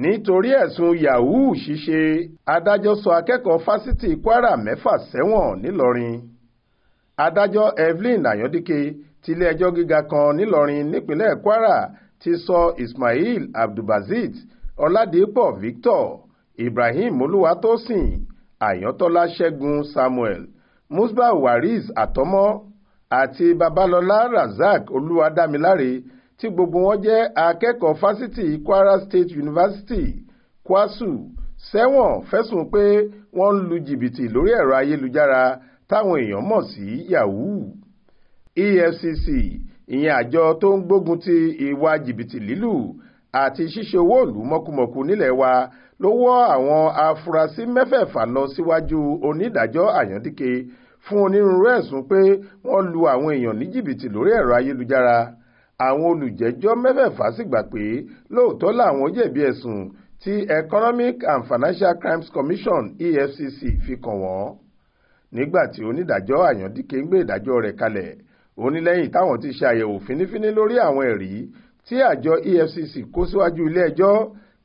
nítorí ẹ̀sùn yahoo ṣíṣe adájọ́ sọ akẹ́kọ̀ọ́ fásitì kwara mẹ́fà sẹ́wọ̀n ńìlọrin adájọ́ evelyn ayọ̀díke tiléẹjọ́ gíga kan ńìlọrin nípínlẹ̀ kwara ti sọ ismail abdulbasit ọládìpọ̀ victor ibrahim olúwatósìn ayọ̀tọ́lá ṣẹ́gun samuel musba waris àtọmọ́ àti babalọ́lá razak olúwadámiláre tí gbogbo wọn jẹ́ akẹ́kọ̀ọ́ fásitì Kwara State University kwasu sẹ́wọ̀n fẹ̀sùn pé wọ́n ń lu jìbìtì lórí ẹ̀rọ ayélujára táwọn èèyàn mọ̀ sí yahoo EFCC ìyẹn àjọ tó ń gbógun ti ìwà jìbìtì lílù àti ṣíṣe owó ìlú mọ́kùmọ́kù nílẹ̀ wa ló wọ́ àwọn afurasí mẹ́fẹ̀ẹ̀fà lọ síwájú onídàájọ́ Àyàndíke fún onírúurú ẹ̀sùn pé wọ́n lu àwọn èèyàn ní jìbìtì lórí ẹ̀rọ ayélujára àwọn olùjẹ́jọ́ mẹ́fẹ̀ẹ̀fà sì gbà pé lóòótọ́ làwọn jẹ̀bi ẹ̀sùn tí Economic and Financial Crimes Commission EFCC fi kàn wọ́n nígbà tí onídàájọ́ Àyàndíkè ń gbé ìdájọ́ rẹ̀ kalẹ̀ ó ní lẹ́yìn táwọn ti ṣe àyẹ̀wò fínífíní lórí àwọn ẹ̀rí tí àjọ EFCC kó síwájú ilé ẹjọ́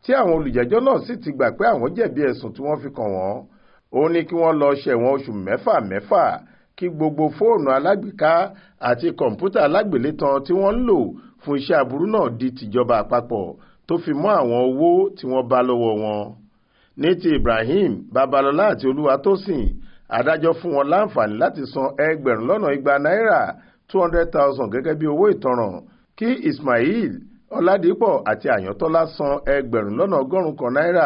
tí àwọn olùjẹ́jọ́ náà sì ti gbà pé àwọn jẹ̀bi ẹ̀sùn tí wọ́n fi kàn wọ́n ó ní kí wọ́n lọ ṣẹ̀wọ̀n oṣù mẹ́fà mẹ́fà kí gbogbo fóònù alágbèéká àti kọ̀ǹpútà alágbèlétan tí wọ́n ń lò fún iṣẹ́ aburú náà di tìjọba àpapọ̀ tó fi mọ́ àwọn owó tí wọ́n bá lọ́wọ́ wọn. ní ti Ibrahim Babalọlá àti Olúwatósìn adájọ́ fún wọn láǹfààní láti san ẹgbẹ̀rún lọ́nà igba náírà two hundred thousand gẹ́gẹ́ bí owó ìtanràn kí Ismail Ọládìpọ̀ àti Àyàntọ́lá san ẹgbẹ̀rún lọ́nà ọgọ́rùn-ún kan náírà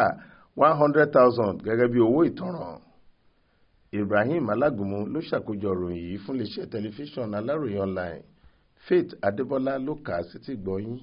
one hundred thousand gẹ́gẹ́ bí owó ìtanràn ibrahim alágúnmu ló ṣàkójọ ìròyìn yìí fún iléeṣẹ́ tẹlifíṣàn aláròye online faith adébọlá ló kà á sétígbọ̀ọ́ yín